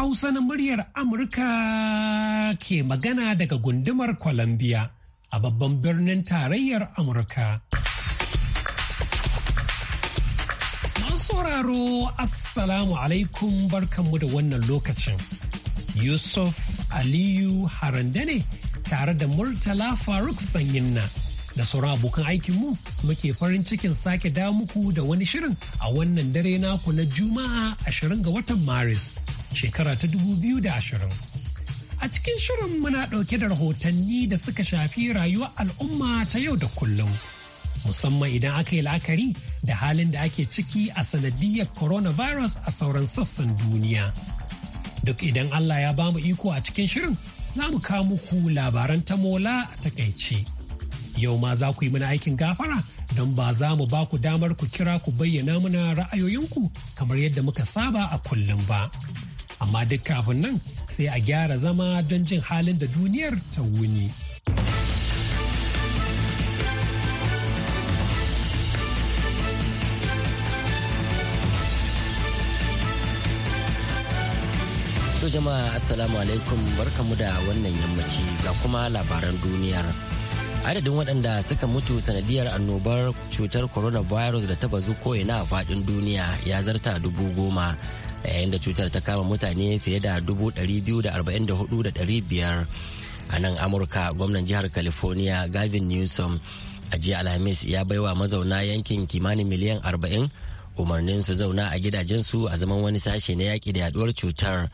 Hausa na muryar Amurka ke magana daga gundumar Columbia a babban birnin tarayyar Amurka. sauraro Assalamu alaikum barkanmu da wannan lokacin. Yusuf Aliyu Haranda ne tare da Murtala Faruk Sanyinna da sauran abokan aikinmu muke farin cikin sake da muku da wani shirin a wannan dare naku na Juma'a 20 ga watan Maris. shekara ta 2020. A cikin shirin muna ɗauke da rahotanni da suka shafi rayuwar al'umma ta yau da kullum. Musamman idan aka yi la'akari da halin da ake ciki a sanadiyar coronavirus a sauran sassan duniya. Duk idan Allah ya bamu iko a cikin shirin, za mu kawo muku labaran ta Mola a takaice. Yau ma za ku yi mana aikin gafara don ba za mu ba ku damar ku kira ku bayyana mana ra'ayoyinku kamar yadda muka saba a kullum ba. amma duk kafin nan sai a gyara zama don jin halin da duniyar ta wuni. To jama'a assalamu alaikum barkamu da wannan yammaci ga kuma labaran duniyar. Adadin waɗanda suka mutu sanadiyar annobar cutar coronavirus da ta bazu ko'ina a faɗin duniya ya zarta dubu goma yayin da cutar ta kama mutane fiye da 244,500 a nan amurka gwamnan jihar california gavin newsom a jiya alhamis ya bai wa mazauna yankin kimanin miliyan 40 umarnin su zauna a gidajensu a zaman wani sashe na yaƙi da yaduwar cutar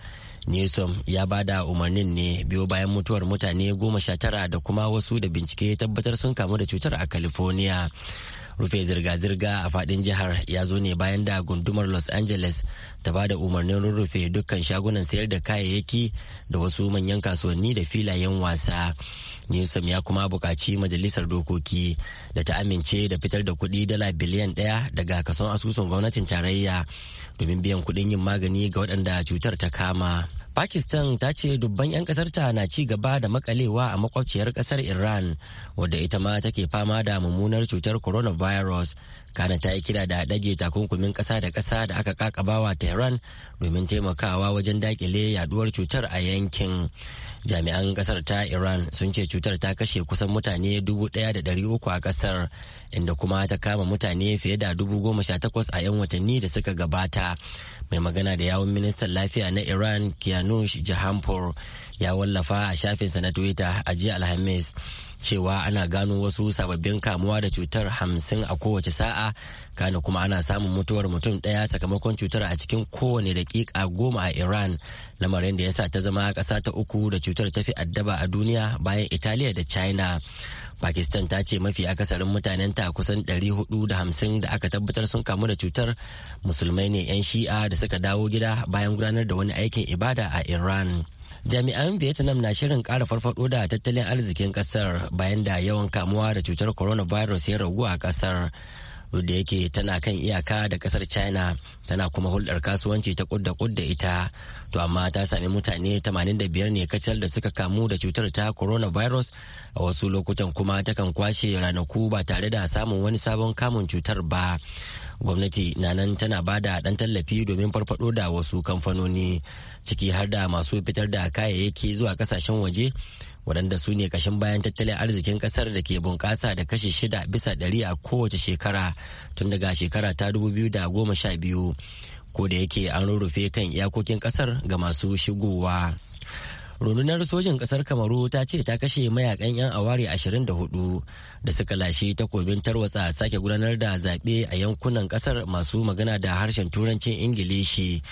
newsom ya ba da umarnin ne biyo bayan mutuwar mutane goma sha tara da kuma wasu da bincike tabbatar sun kamu da cutar a california rufe zirga-zirga a fadin jihar ya zo ne bayan da gundumar los angeles ta ba da umarnin rurrufe dukkan shagunan sayar da kayayyaki da wasu manyan kasuwanni da filayen wasa newsom ya kuma bukaci majalisar dokoki da ta amince da fitar da kuɗi dala biliyan ɗaya daga kason asusun gwamnatin tarayya domin biyan kuɗin yin magani ga waɗanda cutar ta kama. Pakistan ta ce dubban 'yan ƙasarta na ci gaba da makalewa a makwabciyar ƙasar Iran wadda ita ma take fama da mummunar cutar coronavirus kana ta yi kira da ɗage takunkumin ƙasa da ƙasa da aka kakabawa tehran domin taimakawa wajen dakile yaduwar cutar a yankin jami'an ƙasar ta iran sun ce cutar ta kashe kusan mutane 1,300 a ƙasar inda kuma ta kama mutane fiye da 18,000 a 'yan watanni da suka gabata mai magana da yawun ministan lafiya na iran kianush jahanpur ya wallafa a shafinsa na twitter a jiya alhamis cewa ana gano wasu sababbin kamuwa da cutar hamsin a kowace sa'a kana kuma ana samun mutuwar mutum ɗaya sakamakon cutar a cikin kowane daƙiƙa goma a iran lamarin da ya sa ta zama ƙasa ta uku da cutar ta fi addaba a duniya bayan italiya da china pakistan ta ce mafi akasarin mutanenta kusan 450 da aka tabbatar sun kamu da cutar musulmai ne 'yan shi'a da suka dawo gida bayan gudanar da wani aikin ibada a iran jami'an vietnam na shirin kara farfado da tattalin arzikin ƙasar bayan da yawan kamuwa da cutar coronavirus ya ragu a ƙasar da yake tana kan iyaka da ƙasar china tana kuma hulɗar kasuwanci ta kudda kudda ita to amma ta sami mutane 85 ne kacal da suka kamu da cutar ta coronavirus a wasu lokutan kuma takan kwashe ranaku ba tare da samun wani sabon kamun cutar ba gwamnati na nan tana ba da ɗan tallafi domin farfado da wasu kamfanoni ciki har da masu fitar da kayayyaki zuwa kasashen waje waɗanda su ne kashin bayan tattalin arzikin ƙasar da ke bunƙasa da kashe shida bisa ɗari a kowace shekara tun daga shekara ta dubu biyu da goma sha biyu ko da yake an rurrufe kan iyakokin ƙasar ga masu shigowa. rundunar sojin kasar kamaru ta ce ta kashe mayakan 'yan awari 24 da suka lashe takobin tarwatsa sake gudanar da zaɓe a yankunan kasar masu magana da harshen turancin ingilishi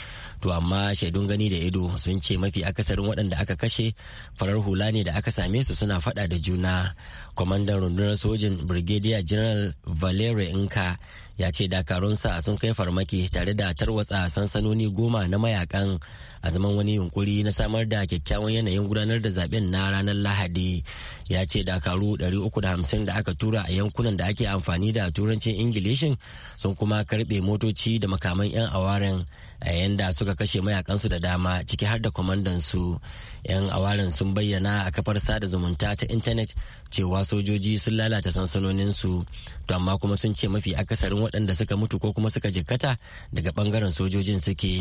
to amma shaidun gani da ido sun ce mafi akasarin waɗanda aka kashe farar hula ne da aka same su suna faɗa da juna kwamandan rundunar sojin brigadier general valerie inka ya ce dakarunsa sun kai farmaki tare da tarwatsa sansanoni goma na mayakan a zaman wani yunkuri na samar da kyakkyawan yanayin gudanar da zaben na ranar lahadi ya ce dakaru 350 da aka tura a yankunan da ake amfani da turancin ingilishin sun kuma karbe motoci da makaman 'yan awaren a yayin da suka kashe mayakansu da dama ciki har da kwamandansu 'yan awaren sun bayyana a kafar sada zumunta ta intanet cewa sojoji sun lalata sansanoninsu to amma kuma sun ce mafi akasarin waɗanda suka mutu ko kuma suka jikkata daga bangaren sojojin suke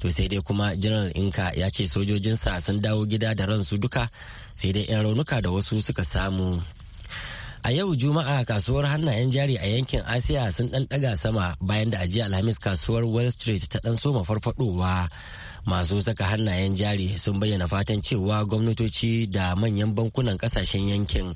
to sai dai kuma jiran General Inka ya ce sojojinsa sun dawo gida da ransu duka sai dai 'yan raunuka da wasu suka samu. A yau Juma'a kasuwar hannayen jari a yankin Asiya sun ɗan ɗaga sama bayan da ajiya Alhamis kasuwar Wall Street ta ɗan soma farfadowa masu saka hannayen jari sun bayyana fatan cewa gwamnatoci da manyan bankunan kasashen yankin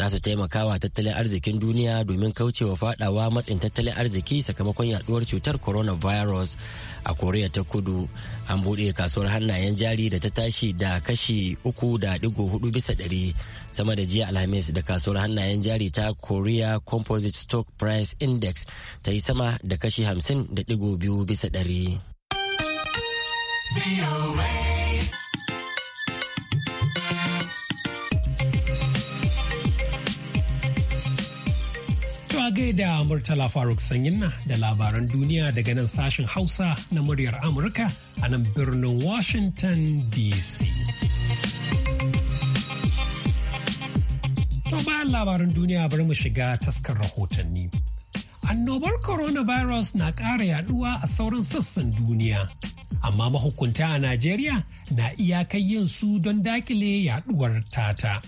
za su taimakawa tattalin arzikin duniya domin kaucewa fadawa matsin tattalin arziki sakamakon yaduwar cutar coronavirus a koriya ta kudu an buɗe kasuwar hannayen jari da ta tashi da kashi uku da digo hudu bisa ɗari sama da jiya alhamis da kasuwar hannayen jari ta korea composite stock price index ta yi sama da kashi hamsin da digo biyu bisa ɗari gaida Murtala Faruk na da labaran duniya daga nan sashen Hausa na muryar Amurka a nan birnin Washington DC. To bayan labaran duniya bari mu shiga taskar rahotanni. Annobar coronavirus na ƙara yaduwa a sauran sassan duniya amma mahukunta a Najeriya na iyakar yin su don dakile yaduwar tata.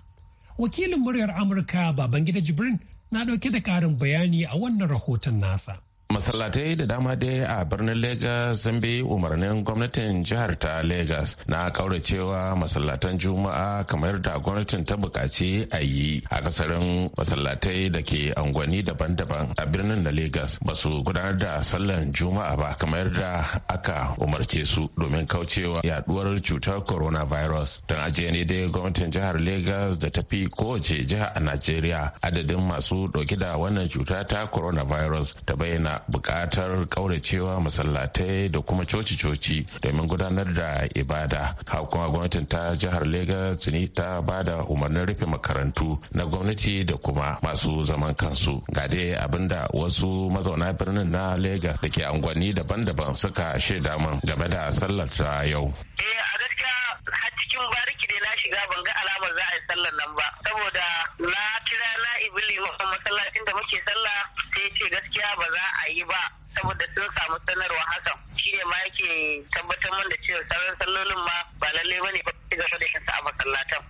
Wakilin muryar Amurka Babangida Jibrin na dauke da ƙarin bayani a wannan rahoton nasa. masallatai da dama dai a birnin lagos sun bi umarnin gwamnatin jihar ta lagos na cewa masallatan juma'a kamar da gwamnatin ta bukaci a yi a kasarin masallatai da ke angwani daban-daban a birnin na lagos ba su gudanar da sallan juma'a ba kamar da aka umarce su domin kaucewa yaduwar cutar coronavirus don ajiye ne dai gwamnatin jihar lagos da ta fi kowace jiha a najeriya adadin masu dauke da wannan cuta ta coronavirus ta bayyana nuna buƙatar ƙauracewa masallatai da kuma coci-coci domin gudanar da ibada haka kuma gwamnatin ta jihar Legas tuni ta ba da umarnin rufe makarantu na gwamnati da kuma masu zaman kansu ga dai abinda wasu mazauna birnin na Legas da ke unguwanni daban-daban suka shaida mun game da sallar ta yau eh a gaskiya har cikin bariki dai na shiga ban ga alamar za a yi sallar nan ba saboda na kira na ibili masallacin da muke sallah sai ce gaskiya ba za a yi ba saboda sun samu sanarwa hakan ne ma yake tabbatar min da cewa sauran sallolin ma ba lalle ne ba ci gaba da yin a masallatan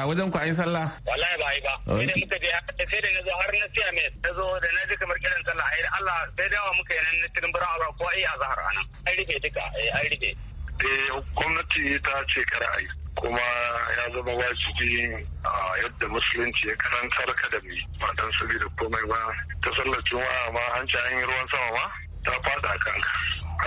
a wajen ku ayi yi sallah? Wallahi ba yi ba. Sai da muka je sai da na zo har na siya mai na zo da na ji kamar kiran sallah ai Allah sai dawa muka yi nan na tirin bura ba ko ai a anan. Ai rufe duka eh, ai rufe. Eh, gwamnati ta ce kar a yi kuma ya zama wajibi a yadda musulunci ya karantar ka da mi ba don saboda komai ba ta sallar juma'a ma an ce an yi ruwan sama ma ta fada kanka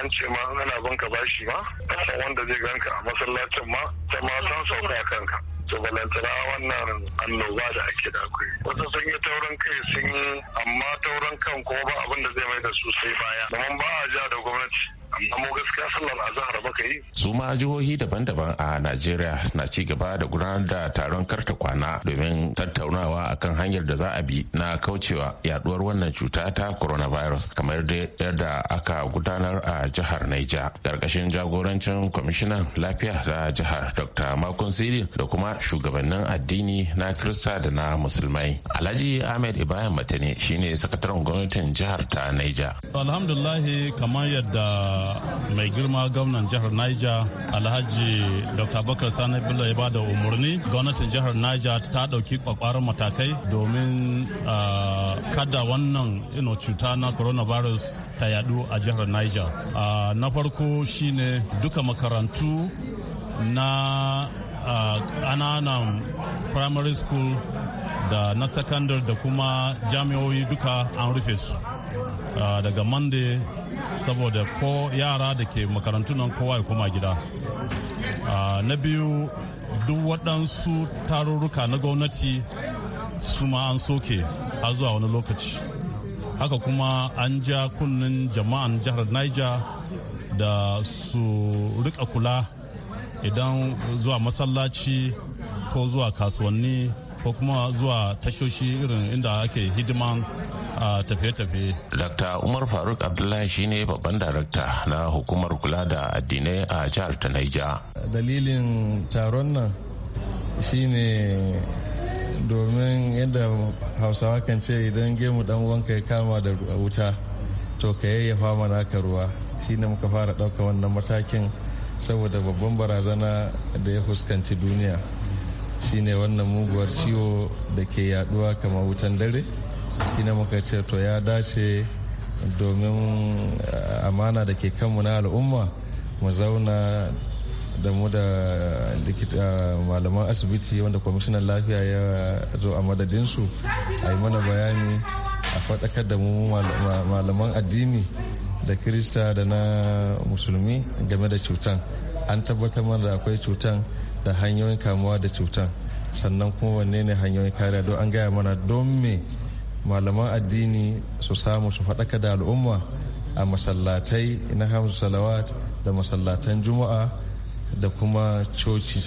an ce ma ana banka bashi ma Kasan, wanda zai ganka a masallacin ma ta ma san sauka kanka to balantana wannan annoba da ake da akwai wasu sun yi taurin kai sun yi amma taurin kan ko ba abin da zai mai da su sai baya domin ba a ja da gwamnati amma gaskiya sallar yi su ma jihohi daban-daban a Najeriya na ci gaba da gudanar da taron karta kwana domin tattaunawa akan hanyar da za a bi na kaucewa yaduwar wannan cuta ta coronavirus kamar yadda aka gudanar a jihar Naija karkashin jagorancin kwamishinan lafiya da jihar Dr. Makon Siri da kuma shugabannin addini na Kirista da na Musulmai. Alhaji Ahmed Ibrahim Matane shine sakataren gwamnatin jihar ta Naija. Alhamdulillah kamar yadda mai girma gwamnan jihar Niger Alhaji Dr. Bakar Sani Bello ya bada umarni gwamnatin jihar Niger ta dauki kwakwaran matakai domin ah, kada wannan ino cuta na coronavirus ta yadu a jihar Niger. Ah, na farko shine duka makarantu na ah, ƙananan primary school da na secondary da kuma jami'o'i duka an rufe su. Ah, daga monday saboda ko yara da ke makarantu nan kowa ya koma gida ah, na biyu duk waɗansu tarurruka na gwamnati su ma an soke har zuwa wani lokaci haka kuma an ja kunnen jama'an jihar niger da su rika kula idan zuwa masallaci ko zuwa kasuwanni ko kuma zuwa tashoshi irin inda ake hidiman a tafiye-tafiye. Dr. Umar Faruk Abdullahi shine babban darakta na hukumar kula da addinai a jihar ta Naija. Dalilin taron nan shine domin yadda hausawa kan ce idan gemu dan wanka ya kama da wuta to ka yayyafa mana ka ruwa shine muka fara ɗauka wannan matakin saboda babban barazana da ya fuskanci duniya shine wannan muguwar ciwo da ke yaduwa kamar wutan dare. ne muka ce to ya dace domin eh, amana da ke kanmu na al'umma mu zauna da mu da eh, malaman asibiti wanda kwamishinan lafiya ya zo a madadinsu a yi mana bayani a faɗakar da mu malaman addini da kirista da na musulmi game da cutan an tabbatar mana da akwai cutan da hanyoyin kamuwa da cutan sannan kuma wanne ne hanyoyin kariya don an gaya mana don me malaman addini su samu su faɗaka da al'umma a masallatai na hamsu salawat da masallatan juma'a da kuma coci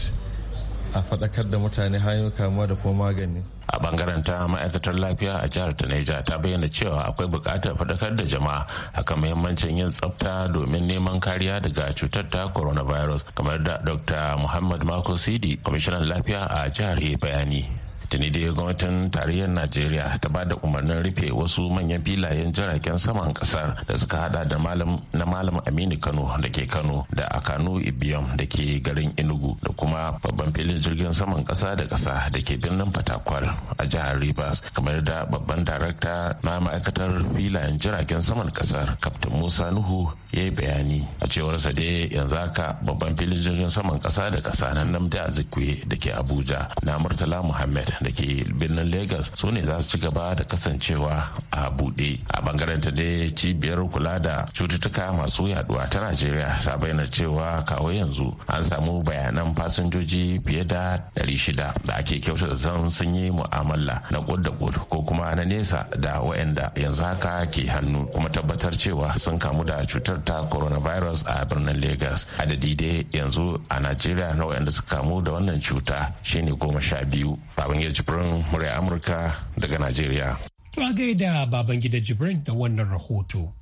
a faɗakar da mutane hanyoyin kamuwa da kuma magani a bangaren ta ma'aikatar lafiya a jihar ta Neja ta bayyana cewa akwai buƙatar faɗakar da jama'a akan muhimmancin yin tsafta domin neman kariya daga cutar ta coronavirus kamar da dr muhammad mako sidi kwamishinan lafiya a jihar bayani tuni dai gwamnatin tarayyar najeriya ta ba da umarnin rufe wasu manyan filayen jiragen saman kasar da suka hada da malam na malam aminu kano da ke kano da akano ibiyam da ke garin enugu da kuma babban filin jirgin saman kasa da kasa da ke birnin fatakwal a jihar rivers kamar da babban darakta na ma'aikatar filayen jiragen saman kasar kaftin musa nuhu ya yi bayani a cewarsa dai yanzu haka babban filin jirgin saman kasa da kasa na namdi azikwe da ke abuja na murtala muhammad da ke birnin Legas su ne za su ci gaba da kasancewa a buɗe. A bangaren ta dai cibiyar kula da cututtuka masu yaduwa ta Najeriya ta bayyana cewa kawo yanzu an samu bayanan fasinjoji fiye da 600 da ake kyauta zan sun yi mu'amala na kud da kud ko kuma na nesa da waɗanda yanzu haka ke hannu kuma tabbatar cewa sun kamu da cutar ta coronavirus a birnin Legas. Adadi dai yanzu a Najeriya na waɗanda suka kamu da wannan cuta shine goma sha biyu. babangida jibrin murya amurka daga najeriya to gaida babangida jibrin da wannan rahoto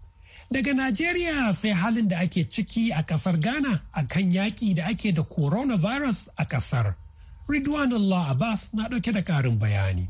daga najeriya sai halin da ake ciki a kasar ghana a kan yaƙi da ake da coronavirus a kasar allah abbas na ɗauke da ƙarin bayani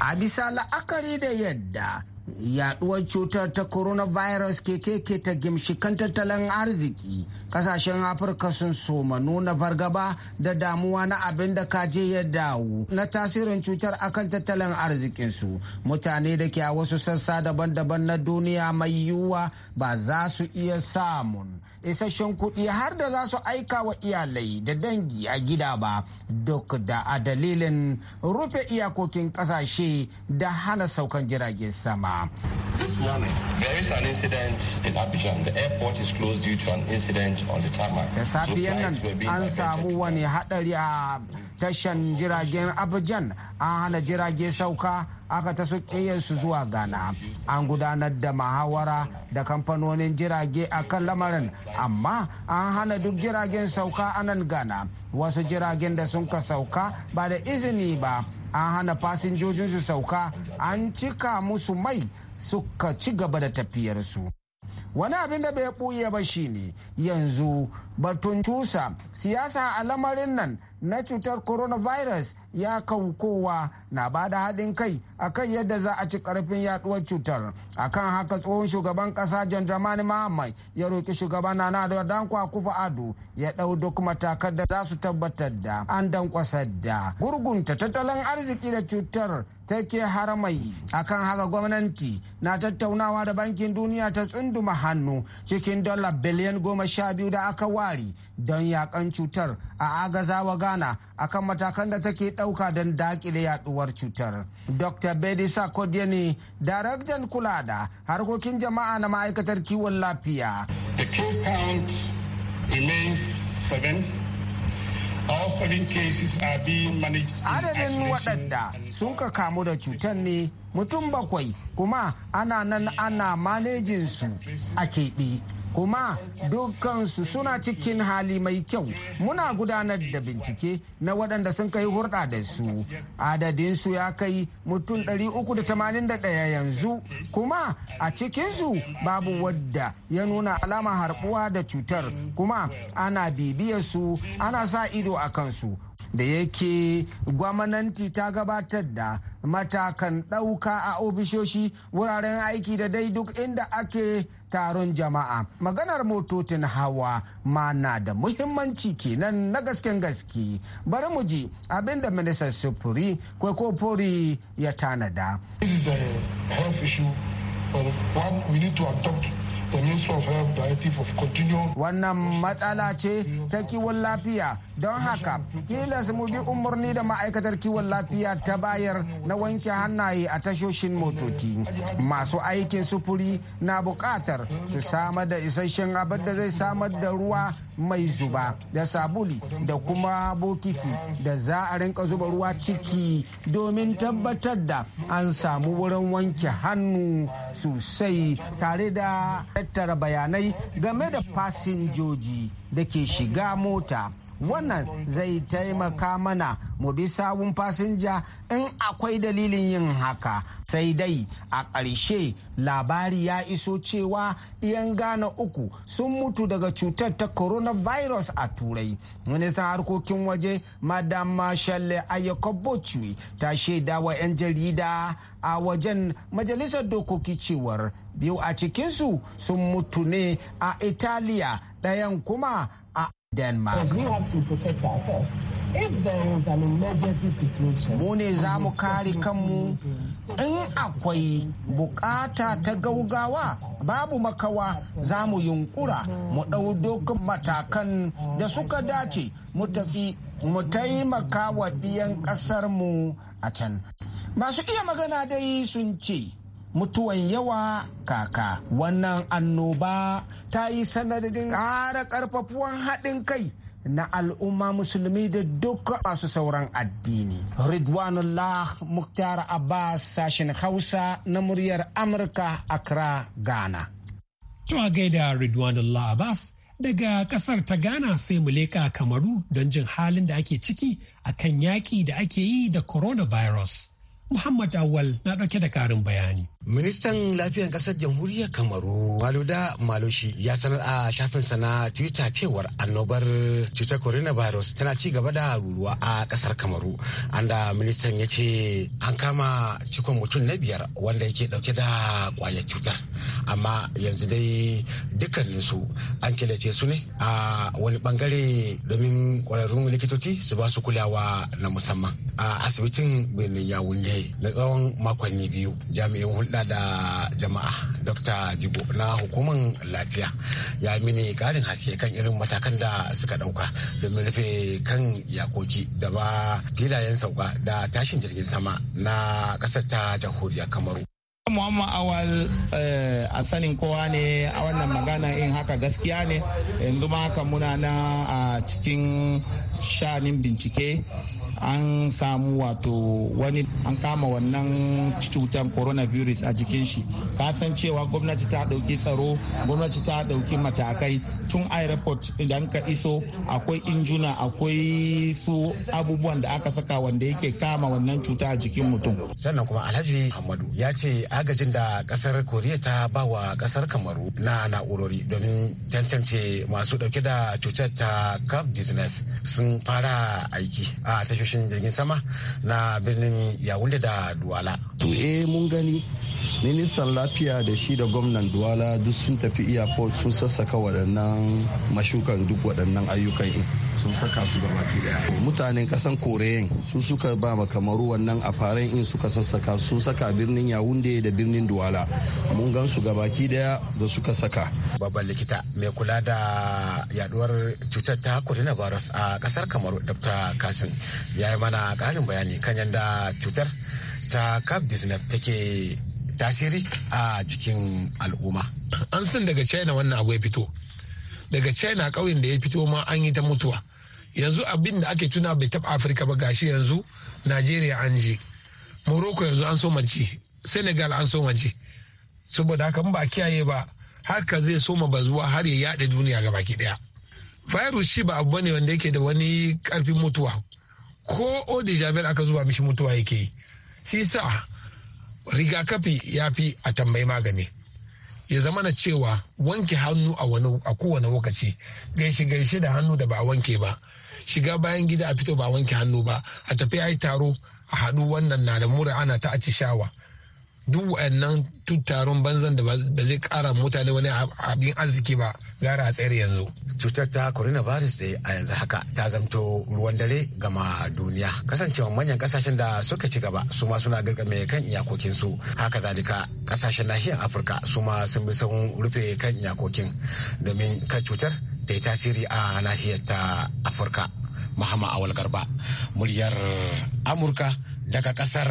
a bisa la'akari da yadda yaduwar cutar ta coronavirus ke keke ta gimshikan tattalin arziki kasashen afirka sun soma nuna fargaba da damuwa na abin da kaje ya dawo na tasirin cutar akan tattalin arzikinsu mutane da ke a wasu sassa daban-daban na duniya mai yiwuwa ba za su iya samun isasshen kuɗi har da za su aika wa iyalai da dangi a gida ba duk da a dalilin rufe iyakokin ƙasashe da hana saukan jiragen sama. This morning, is an incident incident on the Da safiyan nan an samu wani haɗari a tashan jiragen Abidjan an hana jirage sauka aka taso su zuwa ghana an gudanar da mahawara da kamfanonin jirage a kan lamarin amma an hana duk jiragen sauka a nan ghana wasu jiragen da sun ka sauka ba da izini ba an hana fasinjojin su sauka an cika musu mai suka ci gaba da tafiyarsu wani abin da bai ɓuya ba shine yanzu batun cusa siyasa a lamarin nan na cutar coronavirus ya kau kowa na ba da haɗin kai a akan yadda za a ci ƙarfin yaɗuwar cutar A kan haka tsohon shugaban ƙasa jan dramani mahammai ya roƙi shugaban nana da dan kufa ado ya ɗau duk matakan da za su tabbatar da an danƙwasar da gurgunta tattalin arziki da cutar ta ke haramai akan haka gwamnati na tattaunawa da bankin duniya ta tsunduma hannu cikin dala biliyan goma sha biyu da aka wari don yakan cutar a agazawa ghana kan matakan da take ɗauka don dakile yaduwar cutar dr bedi kodiani daraktan kula da harkokin jama'a na ma'aikatar kiwon lafiya the case count remains seven Adadin waɗanda sun ka kamu da cutar ne mutum bakwai kuma ana nan ana manejinsu a keɓe. kuma dukansu suna cikin hali mai kyau muna gudanar da bincike na waɗanda sun kai hurɗa da su adadinsu ya kai mutum 381 yanzu kuma a cikinsu babu wadda ya nuna alama harbuwa da cutar kuma ana bibiyar su ana sa ido a kansu da yake gwamnati ta gabatar da matakan ɗauka a ofishoshi wuraren aiki da dai duk inda ake taron jama'a maganar motocin hawa ma na da muhimmanci kenan na gasken gaske bari mu ji abinda minista sufuri kwaikofori ya tanada. This is a health issue of we need to adopt Wannan matsala ce ta kiwon lafiya don haka tilas mu bi umarni da ma'aikatar kiwon lafiya ta bayar na wanke hannaye a tashoshin motoci. Masu aikin sufuri na bukatar su samar da isasshen abin da zai samar da ruwa mai zuba da sabuli da kuma bokiti da za a rinka zuba ruwa ciki domin tabbatar da an samu wurin wanke hannu sosai tare da tattara bayanai game da fasinjoji da ke shiga mota wannan zai taimaka mana mu bi sawun fasinja in akwai dalilin yin haka sai dai a ƙarshe labari ya iso cewa 'yan gana uku sun mutu daga cutar ta coronavirus a turai ministan harkokin waje madam shalle ayyakobochi ta shaida wa 'yan jarida a wajen majalisar dokoki cewar biyu a cikinsu sun mutu ne a italiya ɗayan kuma Denmark. Mu ne za mu kare kanmu in akwai bukata ta gaugawa babu makawa za mu yunkura mu ɗau dokin matakan da suka dace mu tafi mu taimaka wa biyan ƙasarmu a can. Masu iya magana dai sun ce. mutuwan yawa kaka wannan annoba ta yi sanadin ƙara ƙarfafuwan haɗin kai na al'umma musulmi da duk masu sauran addini. Ridwanullah Muktar Abbas sashen Hausa na muryar Amurka Accra, Ghana. To a gaida Ridwanullah Abbas daga kasar ta Ghana sai mu leƙa kamaru don jin halin da ake ciki a kan yaƙi da ake yi da coronavirus. Muhammad Awal na ɗauke da ƙarin bayani. Ministan Lafiyar Ƙasar Jamhuriyar Kamaru Maluda Maloshi ya sanar a shafin na Twitter cewar annobar cutar coronavirus tana ci gaba da ruruwa a ƙasar Kamaru. Anda ministan ya ce an kama cikon mutum na biyar wanda yake ɗauke da ƙwayar cutar. Amma yanzu dai dukkaninsu an killace su ne a wani bangare domin ƙwararrun likitoci su ba su kulawa na musamman. A asibitin Benin Yawunde na tsawon makonni biyu jami'in hulɗa da jama'a dr jibo na hukumar lafiya ya mini karin haske kan irin matakan da suka ɗauka domin rufe kan yakoki da ba filayen sauka da tashin jirgin sama na ƙasar ta jamhuriyar kamaru Muhammad Awal eh, a sanin kowa ne a wannan magana in haka gaskiya ne yanzu ma haka muna na a cikin shanin bincike an samu wato wani an kama wannan cutar coronavirus a jikin shi kasan cewa gwamnati ta dauki tsaro gwamnati ta dauki matakai tun airport idan ka iso akwai injuna akwai su abubuwan da aka saka wanda yake kama wannan cuta a jikin mutum sannan kuma alhaji ahmadu ya ce agajin da kasar koriya ta ba wa kasar kamaru na na'urori domin tantance masu dauke da cutar ta cap 19 sun fara aiki a tashoshin jirgin sama na birnin yawunde da duwala to eh mun gani ministan lafiya da shi da gwamnan duwala duk sun tafi iyaport sun sassaka waɗannan mashukan duk waɗannan ayyukan sun saka su gaba daya mutanen kasan koreyan su suka ba ma kamaru wannan a faran in suka sassaka sun saka birnin yawunde da birnin duwala mun gan su gabaki daya da suka saka babban likita mai kula da yaduwar cutar ta coronavirus a kasar kamaru dr kasin ya yi mana ƙarin bayani kan yadda cutar ta cap take tasiri a jikin al'umma an san daga china wannan abu ya fito daga china ƙauyen da ya fito ma an yi ta mutuwa yanzu abin da ake tuna bai taɓa afirka ba gashi yanzu najeriya an je. morocco yanzu an so mace senegal an so mace saboda haka ba kiyaye ba haka zai soma bazuwa har ya yaɗa duniya ga baki ɗaya virus shi ba abu bane wanda yake da wani karfin mutuwa ko odijabel aka zuba mishi mutuwa yake yi sisa rigakafi ya fi a tambayi magani ya zama na cewa wanke hannu a kowane lokaci gaishe gaishe da hannu da ba a wanke ba shiga bayan gida a fito ba a wanke hannu ba a tafi yi taro a haɗu wannan na da mura ana ta atishawa shawa duk wa'annan tutarun banzan da ba zai kara mutane wani abin arziki ba gara a tsayar yanzu. Cutar ta virus dai a yanzu haka ta zamto ruwan dare gama duniya. kasancewa manyan kasashen da suka ci gaba su ma suna mai kan iyakokinsu. Haka zalika kasashen nahiyar Afirka su ma sun bi sun rufe kan iyakokin domin kan cutar ta yi tasiri a nahiyar ta Afirka. Muhammad Awal Garba, muryar Amurka daga kasar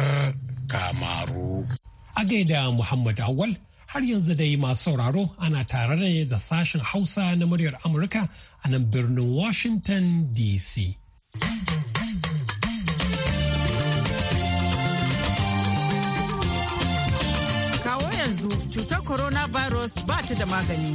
Kamaru. A gaida Muhammad Awal har yanzu dai masu sauraro ana tare ne da sashen Hausa na muryar Amurka a nan birnin Washington DC. Kawo yanzu cutar coronavirus ba ta da magani.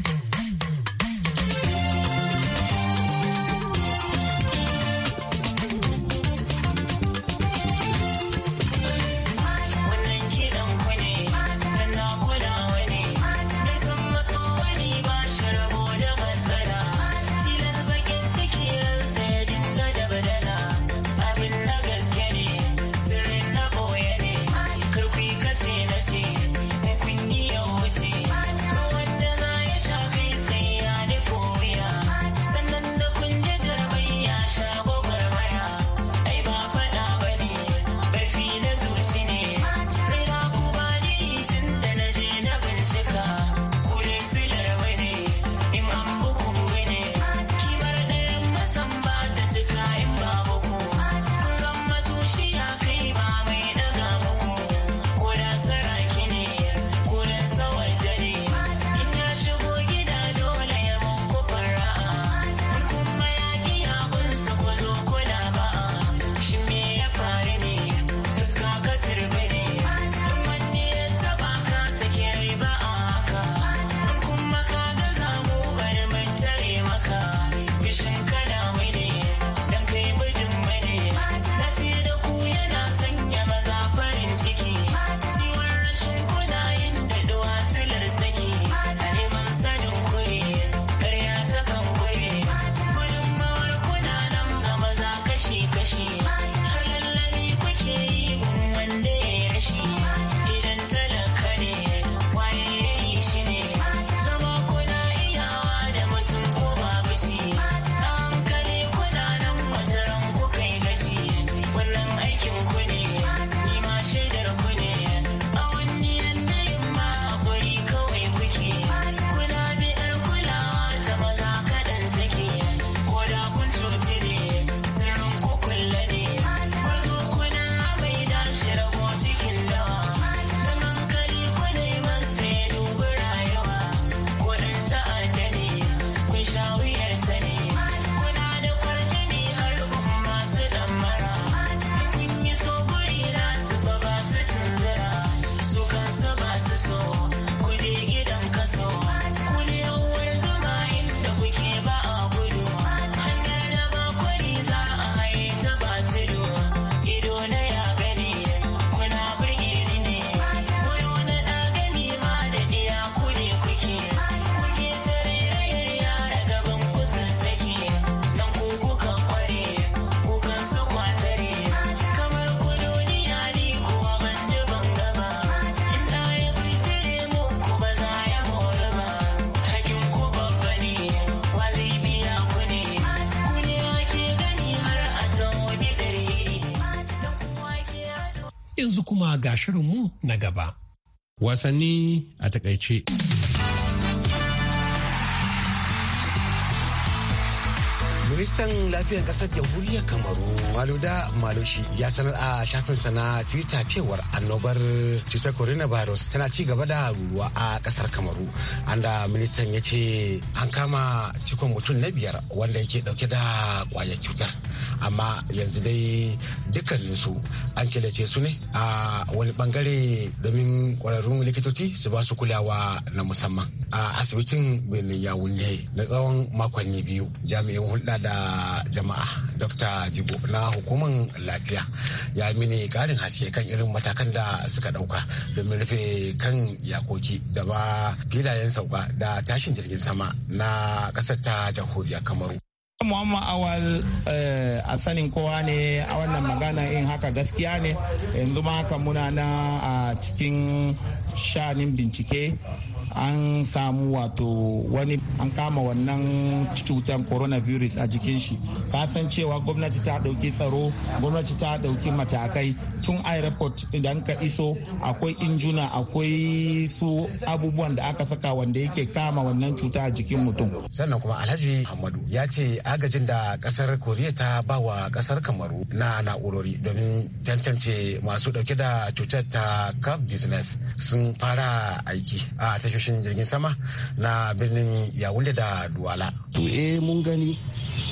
yanzu kuma ga shirinmu na gaba. Wasanni a takaice. ministan lafiyar kasar jamhuriyar kamaru maluda maloshi ya sanar a shafinsa na twitter cewar annobar cutar virus' tana ci gaba da ruruwa a ƙasar kamaru anda ministan ya ce an kama cikon mutum na biyar wanda yake dauke da kwayar cutar amma yanzu dai dukkaninsu an killace su ne a wani bangare domin kwararrun likitoci su ba su kulawa na musamman a asibitin benin yawun ne na tsawon makonni biyu jami'in hulɗa da jama'a dr jibo na hukumar lafiya ya mini ƙarin haske kan irin matakan da suka ɗauka domin rufe kan yakoki da ba filayen sauka da tashin jirgin sama na ƙasar ta jamhuriyar kamaru Muhammad Awal eh, a sanin kowa ne a wannan magana in haka gaskiya ne yanzu ma haka muna na a cikin shanin bincike an samu wato wani an kama wannan cutar coronavirus a jikin shi kasan cewa gwamnati ta dauki tsaro gwamnati ta dauki matakai tun airport idan ka iso akwai injuna akwai su abubuwan da aka saka wanda yake kama wannan cuta a jikin mutum sannan kuma alhaji hamadu ya ce agajin da kasar koriya ta ba wa kasar kamaru na na'urori domin tantance masu dauke da cutar ta cap 19 sun fara aiki a tashoshin jirgin sama na birnin yawunde da duwala to eh mun gani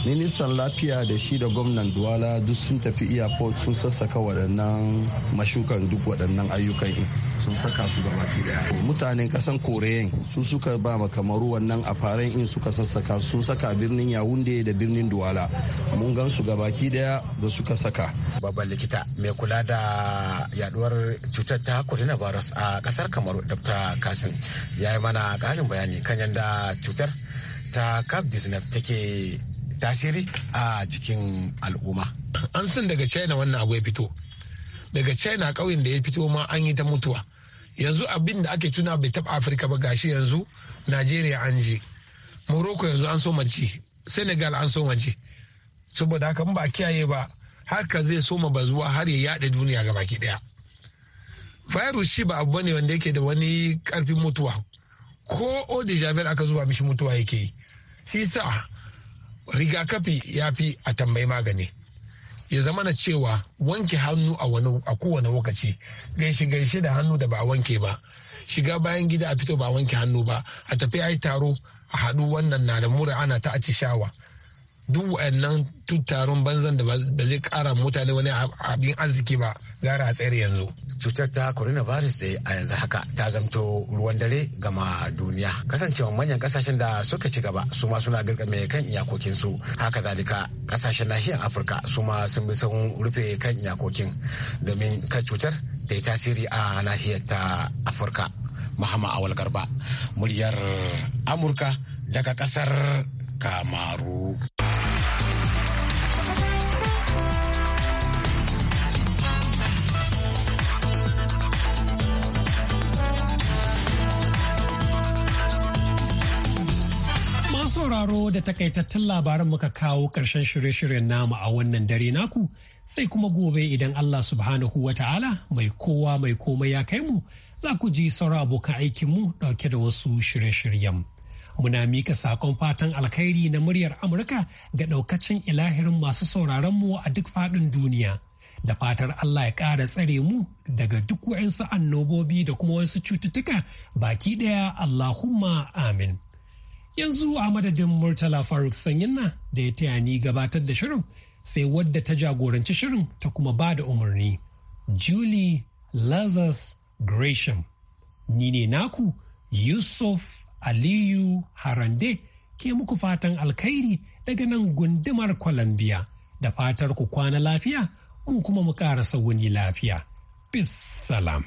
ministan lafiya da shi da gwamnan duwala duk sun tafi iya sun sassaka waɗannan mashukan duk waɗannan ayyukan sun saka su baki daya mutanen kasan koreyan su suka ba ma kamaru wannan a faran in suka sassaka su saka birnin yawunde da birnin duwala mun gan su ga baki daya da suka saka babban likita mai kula da yaduwar cutar ta virus a kasar kamaru dr kasin ya yi mana karin bayani kan yadda cutar ta cap take tasiri a jikin al'umma an san daga china wannan abu ya fito daga china ƙauyen da ya fito ma an yi ta mutuwa yanzu abin da ake tuna bai taɓa afirka ba gashi yanzu najeriya an je morocco yanzu an so mace senegal an so mace saboda haka ba kiyaye ba haka zai soma ba zuwa har ya yaɗa duniya ga baki ɗaya virus shi ba abu ne wanda yake da wani karfin mutuwa ko odi javel aka zuba mishi mutuwa yake yi sisa rigakafi ya fi a tambayi magani ya zama na cewa wanke hannu a kowane lokaci gaishe gaishe da hannu da ba a wanke ba shiga bayan gida a fito ba a wanke hannu ba a tafi ai taro a haɗu wannan na da mura ana ta atishawa duk wa'annan taron banzan da ba zai kara mutane wani abin arziki ba gara a tsere yanzu. Cutar ta coronavirus dai a yanzu haka ta zamto ruwan dare gama duniya. Kasancewa manyan kasashen da suka ci gaba su ma suna girkame kan iyakokinsu. Haka zalika kasashen nahiyar Afirka su ma sun bi sun rufe kan iyakokin domin ka cutar ta yi tasiri a nahiyar ta Afirka. Muhammad Awal Garba, muryar Amurka daga kasar kamaru. sauraro da takaitattun labaran muka kawo ƙarshen shirye-shiryen namu a wannan dare naku sai kuma gobe idan Allah subhanahu wa ta'ala mai kowa mai komai ya kai mu za ku ji sauran abokan aikinmu ɗauke da wasu shirye-shiryen. Muna mika sakon fatan alkhairi na muryar Amurka ga ɗaukacin ilahirin masu sauraronmu a duk faɗin duniya. Da fatar Allah ya ƙara tsare mu daga duk wa'insu annobobi da kuma wasu cututtuka baki ɗaya Allahumma amin. Yanzu a madadin Murtala Faruk sanyin Sanyinna da ya taya ni gabatar da shirin sai wadda ta jagoranci shirin ta kuma ba da umarni. Julie Lazarus Gresham. Ni ne naku Yusuf Aliyu Harande ke muku fatan alkhairi daga nan gundumar kwalambiya da fatar ku kwana lafiya mu kuma mu ƙara wuni lafiya. Bis salam.